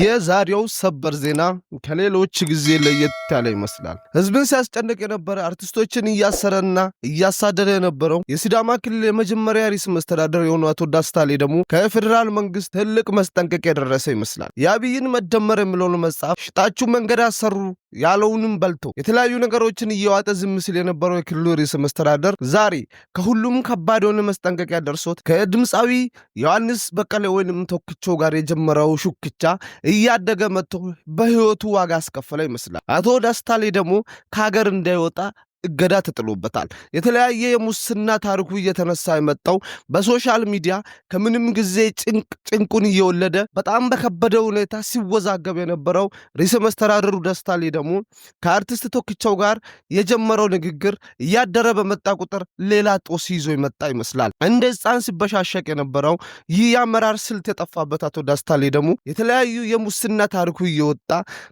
የዛሬው ሰበር ዜና ከሌሎች ጊዜ ለየት ያለ ይመስላል። ህዝብን ሲያስጨንቅ የነበረ አርቲስቶችን እያሰረና እያሳደደ የነበረው የሲዳማ ክልል የመጀመሪያ ርዕሰ መስተዳደር የሆኑ አቶ ዳስታሌ ደግሞ ከፌዴራል መንግስት ትልቅ መስጠንቀቅ የደረሰ ይመስላል። የአብይን መደመር የሚለውን መጽሐፍ ሽጣችሁ መንገድ አሰሩ ያለውንም በልቶ የተለያዩ ነገሮችን እየዋጠ ዝም ሲል የነበረው የክልሉ ርዕሰ መስተዳደር ዛሬ ከሁሉም ከባድ የሆነ መስጠንቀቂያ ደርሶት ከድምፃዊ ዮሐንስ በቀለ ወይንም ቶክቾ ጋር የጀመረው ሹክቻ እያደገ መጥቶ በህይወቱ ዋጋ አስከፈለው ይመስላል። አቶ ደስታ ደግሞ ከሀገር እንዳይወጣ እገዳ ተጥሎበታል። የተለያየ የሙስና ታሪኩ እየተነሳ የመጣው በሶሻል ሚዲያ ከምንም ጊዜ ጭንቁን እየወለደ በጣም በከበደ ሁኔታ ሲወዛገብ የነበረው ርዕሰ መስተዳድሩ ደስታ ሌ ደግሞ ከአርቲስት ቶክቻው ጋር የጀመረው ንግግር እያደረ በመጣ ቁጥር ሌላ ጦስ ይዞ የመጣ ይመስላል። እንደ ሕፃን ሲበሻሸቅ የነበረው ይህ የአመራር ስልት የጠፋበት አቶ ደስታ ደግሞ የተለያዩ የሙስና ታሪኩ እየወጣ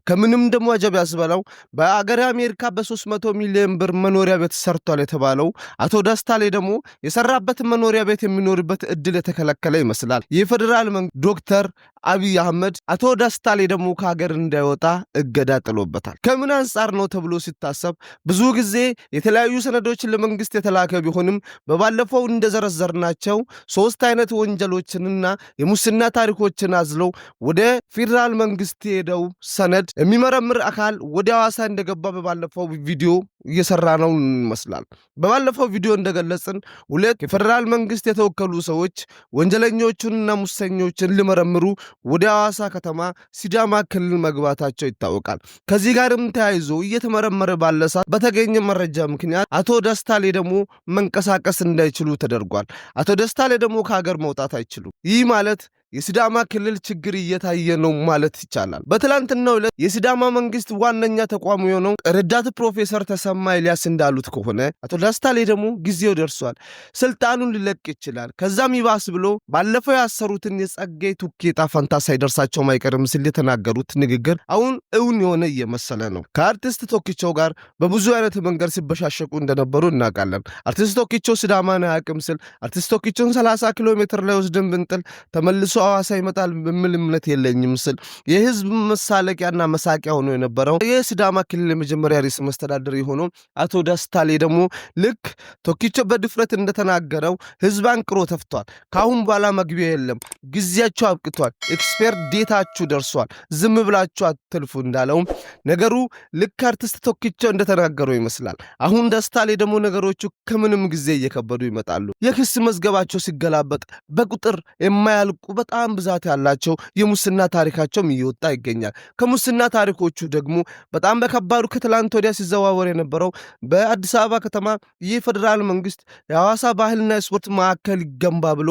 ከምንም ደግሞ አጀብ ያስበለው በአገር አሜሪካ በ300 ሚሊዮን ብር መኖሪያ ቤት ሰርቷል የተባለው አቶ ደስታ ላይ ደግሞ የሰራበትን መኖሪያ ቤት የሚኖርበት እድል የተከለከለ ይመስላል። የፌዴራል ዶክተር አብይ አህመድ አቶ ደስታ ላይ ደግሞ ከሀገር እንዳይወጣ እገዳ ጥሎበታል። ከምን አንጻር ነው ተብሎ ሲታሰብ ብዙ ጊዜ የተለያዩ ሰነዶችን ለመንግስት የተላከ ቢሆንም በባለፈው እንደዘረዘርናቸው ሶስት አይነት ወንጀሎችንና የሙስና ታሪኮችን አዝለው ወደ ፌዴራል መንግስት ሄደው ሰነድ የሚመረምር አካል ወደ ሐዋሳ እንደገባ በባለፈው ቪዲዮ እየሰራ ነው ይመስላል። በባለፈው ቪዲዮ እንደገለጽን ሁለት የፌዴራል መንግስት የተወከሉ ሰዎች ወንጀለኞቹንና ሙሰኞችን ሊመረምሩ ወደ ሐዋሳ ከተማ ሲዳማ ክልል መግባታቸው ይታወቃል። ከዚህ ጋርም ተያይዞ እየተመረመረ ባለ ሰዓት በተገኘ መረጃ ምክንያት አቶ ደስታሌ ደግሞ መንቀሳቀስ እንዳይችሉ ተደርጓል። አቶ ደስታ ደግሞ ከሀገር መውጣት አይችሉም። ይህ ማለት የሲዳማ ክልል ችግር እየታየ ነው ማለት ይቻላል። በትላንትናው ዕለት የሲዳማ መንግስት ዋነኛ ተቋሙ የሆነው ረዳት ፕሮፌሰር ተሰማ ኤልያስ እንዳሉት ከሆነ አቶ ዳስታሌ ደግሞ ጊዜው ደርሷል፣ ስልጣኑን ሊለቅ ይችላል። ከዛም ይባስ ብሎ ባለፈው ያሰሩትን የጸጋዬ ቱኬ ዕጣ ፈንታ ሳይደርሳቸው አይቀርም ሲል የተናገሩት ንግግር አሁን እውን የሆነ እየመሰለ ነው። ከአርቲስት ቶኪቾ ጋር በብዙ አይነት መንገድ ሲበሻሸቁ እንደነበሩ እናውቃለን። አርቲስት ቶኪቸው ሲዳማን አያውቅም ስል አርቲስት ቶኪቸውን 30 ኪሎ ሜትር ላይ ወስደን ብንጥል ተመልሶ ሰው ይመጣል የሚል እምነት የለኝም ስል የህዝብ መሳለቂያና መሳቂያ ሆኖ የነበረው የሲዳማ ክልል የመጀመሪያ ርዕሰ መስተዳድር የሆነው አቶ ደስታሌ ደግሞ ልክ ቶኪቾ በድፍረት እንደተናገረው ህዝብ አንቅሮ ተፍቷል። ከአሁን በኋላ መግቢያ የለም፣ ጊዜያችሁ አብቅቷል፣ ኤክስፐርት ዴታችሁ ደርሷል፣ ዝም ብላችሁ አትልፉ እንዳለውም ነገሩ ልክ አርቲስት ቶኪቾ እንደተናገረው ይመስላል። አሁን ደስታሌ ደግሞ ነገሮቹ ከምንም ጊዜ እየከበዱ ይመጣሉ። የክስ መዝገባቸው ሲገላበጥ በቁጥር የማያልቁበት በጣም ብዛት ያላቸው የሙስና ታሪካቸውም እየወጣ ይገኛል። ከሙስና ታሪኮቹ ደግሞ በጣም በከባዱ ከትላንት ወዲያ ሲዘዋወር የነበረው በአዲስ አበባ ከተማ የፌዴራል መንግስት የሐዋሳ ባህልና የስፖርት ማዕከል ይገንባ ብሎ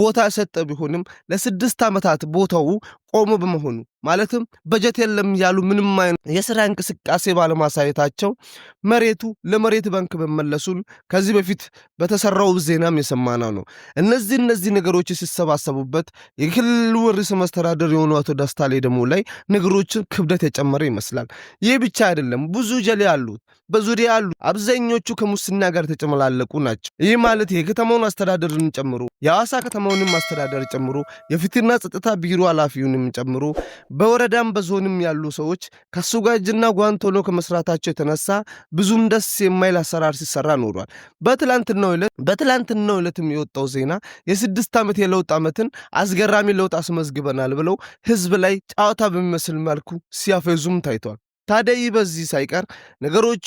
ቦታ የሰጠ ቢሆንም ለስድስት ዓመታት ቦታው ቆሞ በመሆኑ ማለትም በጀት የለም እያሉ ምንም አይነት የስራ እንቅስቃሴ ባለማሳየታቸው መሬቱ ለመሬት ባንክ መመለሱን ከዚህ በፊት በተሰራው ዜናም የሰማነው ነው። እነዚህ እነዚህ ነገሮች ሲሰባሰቡበት የክልሉ ርዕሰ መስተዳደር የሆኑ አቶ ደስታ ሌዳሞ ላይ ነገሮችን ክብደት የጨመረ ይመስላል። ይህ ብቻ አይደለም፣ ብዙ ጀሌ አሉት። በዙሪያ ያሉ አብዛኞቹ ከሙስና ጋር ተጨመላለቁ ናቸው። ይህ ማለት የከተማውን አስተዳደርን ጨምሮ የሐዋሳ ከተማውንም አስተዳደር ጨምሮ የፍትህና ጸጥታ ቢሮ ኃላፊውንም ጨምሮ በወረዳም በዞንም ያሉ ሰዎች ከሱ ጋጅና ጓንት ሆኖ ከመስራታቸው የተነሳ ብዙም ደስ የማይል አሰራር ሲሰራ ኖሯል። በትላንትናው ዕለትም የወጣው ዜና የስድስት ዓመት የለውጥ ዓመትን አስገራሚ ለውጥ አስመዝግበናል ብለው ህዝብ ላይ ጨዋታ በሚመስል መልኩ ሲያፈዙም ታይቷል። ታዲያ ይህ በዚህ ሳይቀር ነገሮቹ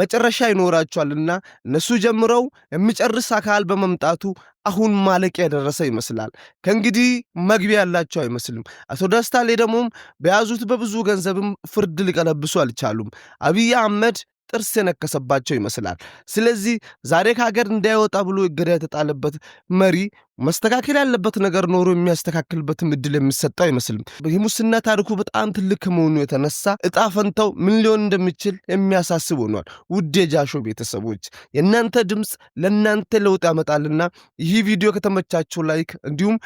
መጨረሻ ይኖራቸዋልና እነሱ ጀምረው የሚጨርስ አካል በመምጣቱ አሁን ማለቂያ የደረሰ ይመስላል። ከእንግዲህ መግቢያ ያላቸው አይመስልም። አቶ ደስታሌ ደግሞም በያዙት በብዙ ገንዘብም ፍርድ ሊቀለብሱ አልቻሉም። አብይ አህመድ ጥርስ የነከሰባቸው ይመስላል። ስለዚህ ዛሬ ከሀገር እንዳይወጣ ብሎ እገዳ የተጣለበት መሪ መስተካከል ያለበት ነገር ኖሮ የሚያስተካክልበትም እድል የሚሰጠው አይመስልም። የሙስና ታሪኩ በጣም ትልቅ ከመሆኑ የተነሳ እጣ ፈንታው ምን ሊሆን እንደሚችል የሚያሳስብ ሆኗል። ውድ የጃሾ ቤተሰቦች የእናንተ ድምፅ ለእናንተ ለውጥ ያመጣልና ይህ ቪዲዮ ከተመቻችሁ ላይክ፣ እንዲሁም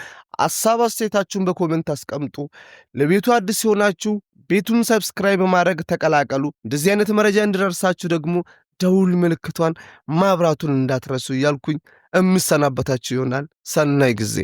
ሀሳብ አስተያየታችሁን በኮሜንት አስቀምጡ። ለቤቱ አዲስ የሆናችሁ ቤቱን ሰብስክራይብ በማድረግ ተቀላቀሉ። እንደዚህ አይነት መረጃ እንዲደርሳችሁ ደግሞ ደውል ምልክቷን ማብራቱን እንዳትረሱ እያልኩኝ የምሰናበታችሁ ይሆናል። ሰናይ ጊዜ